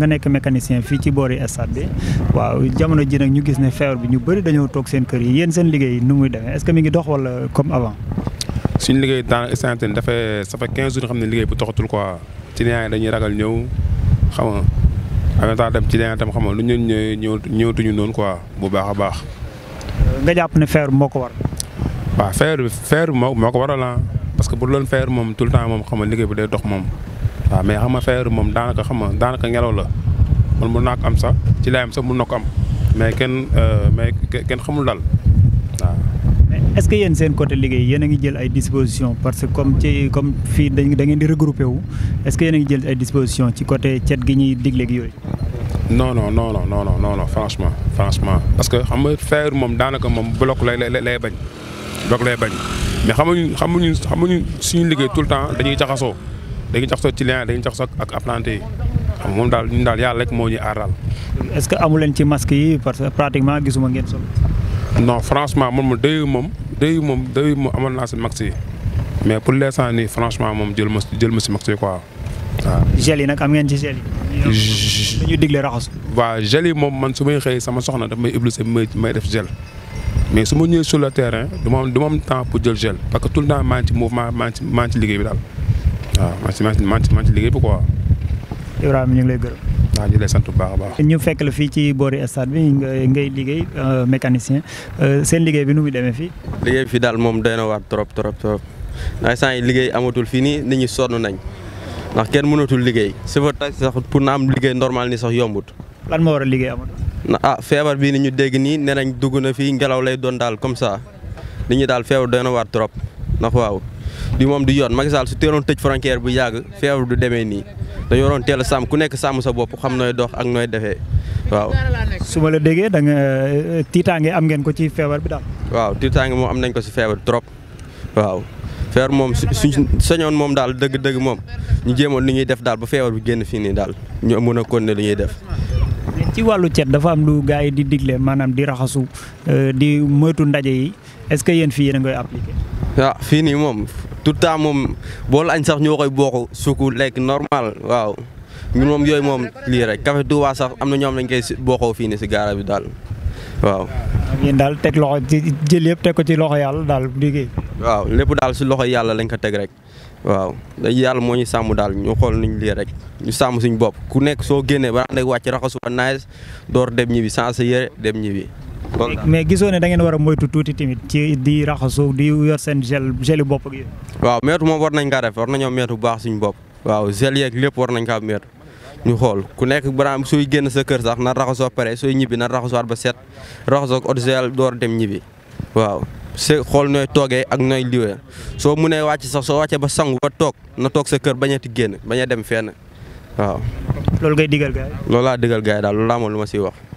nga nekk mécanicien fii ci boori stade bi waaw jamono ji nag ñu gis ne feebar bi ñu bëri dañoo toog seen kër yi yéen seen liggéey nu muy demee est-ce que mi ngi dox wala comme avant. suñu liggéey dans instant yii dafay ça fait 15 xam ne liggéey bu toxatul quoi ci client yi dañuy ragal ñëw xam nga en même dem ci client tam xam nga lu ñu ñëw ñëwatuñu noonu quoi bu baax a baax. nga jàpp ne feebar moo ko war. waaw feebar bi feebar bi moo moo ko waral ah. parce que bu loon feebar moom tout temps moom xam liggéey bi day dox moom. waaw mais xam nga feebaru moom daanaka xam nga daanaka ngelaw la man mun naa ko am sax ci laayam sax mun na ko am mais kenn euh, mais kenn xamul daal waaw. mais est-ce que yéen seen côté liggéey yéen a ngi jël ay disposition parce que comme ci comme fii da ngeen di regrouper wu est-ce que yéen a ngi jël ay dispositions ci côté cet gi ñuy digleeg yooyu. non noo noo non non non non franchement franchement parce que xam nga feebaru moom daanaka moom bloc lay lay lay bañ bloc lay bañ mais xamuñu xamuñu xamuñu suñu liggéey tout le temps dañuy jaxasoo. dañuy jox sa client dañuy jox sa ak apprenti yi xam moom daal ñun daal yàlla rek moo ñu aar daal. est-ce que amu leen ci masque yi parce que pratiquement gisuma ngeen sol. non franchement man moom day moom dëyu moom amoon naa si masque yi mais pour l'instant nii franchement moom jël ma jël ma si masque yi quoi waaw. gel yi nag am ngeen ci gel yi. dañuy digle raxas. waaw gel yi moom man su may xëy sama soxna daf may iblisé may def gel. mais su ma ñëwee sur terrain du ma am du ma am temps pour jël gel parce que tout le temps maa ngi ci mouvement maa ngi waaw man si man si man si liggéey bi quoi. Ibrahima ñu ngi lay gërëm. waaw ñu lay sant bu baax a baax. ñu fekk la fii ci boori stade bi ngay liggéey euh, mécanicien euh, seen liggéey bi nu muy demee fii. liggéey fii daal moom doy na trop trop trop yi liggéey amatul fii nii nit ñi sonn nañ ndax kenn mënatul liggéey chauffeur taxi sax pour na am liggéey normal ni sax yombut. lan moo war a liggéey amatul. ah feebar bi ni ñu dégg nii nee nañ dugg na fii ngelaw lay doon daal comme sa nit ñi daal feebar doy na waar trop ndax waaw. di moom di yoon Macky Sall su teeloon tëj frontière bu yàgg feebar du demee nii dañoo waroon teel a sàmm ku nekk sàmm sa bopp xam nooy dox ak nooy defee waaw. su ma la déggee danga nga euh, am ngeen ko ci feebar bi daal. waaw tiitaange moom am nañ ko si feebar trop waaw. feebar moom suñ sañoon moom daal dëgg-dëgg moom ñu jéemoon li ñuy def daal ba feebar bi génn fii nii daal ñu mën a ne li ñuy def. ci wàllu cet dafa am lu gars yi di digle maanaam di raxasu euh, di moytu ndaje yi est-ce que yéen fii yéen a ngi koy waaw fii nii moom tout temps moom bool añ sax ñoo koy bokk suku lekk normal waaw ñun moom yooyu moom lii rek café Touba sax am na ñoom lañ koy bokkoo fii nii si gaara bi daal waaw. ñu daal teg loxo ci jël yëpp teg ko ci loxo yàlla daal liggéey. waaw lépp daal si loxo yàlla lañ ko teg rek waaw dañ yàlla moo ñu sàmm daal ñu xool nañ lii rek ñu sàmm suñu bopp ku nekk soo génnee ba naan rek wàcc raxasu ba door dem ñibbi sans sa yére dem ñibbi. mais gisoo ne da ngeen war a moytu tuuti tamit ci di raxasu di yor seen gel gelu bopp gi. waaw meetu moom war nañ kaa def war nañoo meetu bu baax suñu bopp waaw gel yeeg lépp war nañ kaa meetu ñu xool ku nekk baraam sooy génn sa kër sax na raxasoo pare sooy ñibbi na raxasuwaat ba set raxasoo ak eau de door dem ñibbi waaw se xool nooy toogee ak nooy liwee soo munee wàcc sax soo wàccee ba sangu ba toog na toog sa kër bañ a génn bañ a dem fenn loolu ngay digal gaay yi. loolu laa digal gaay yi daal laa moom lu ma siy wax.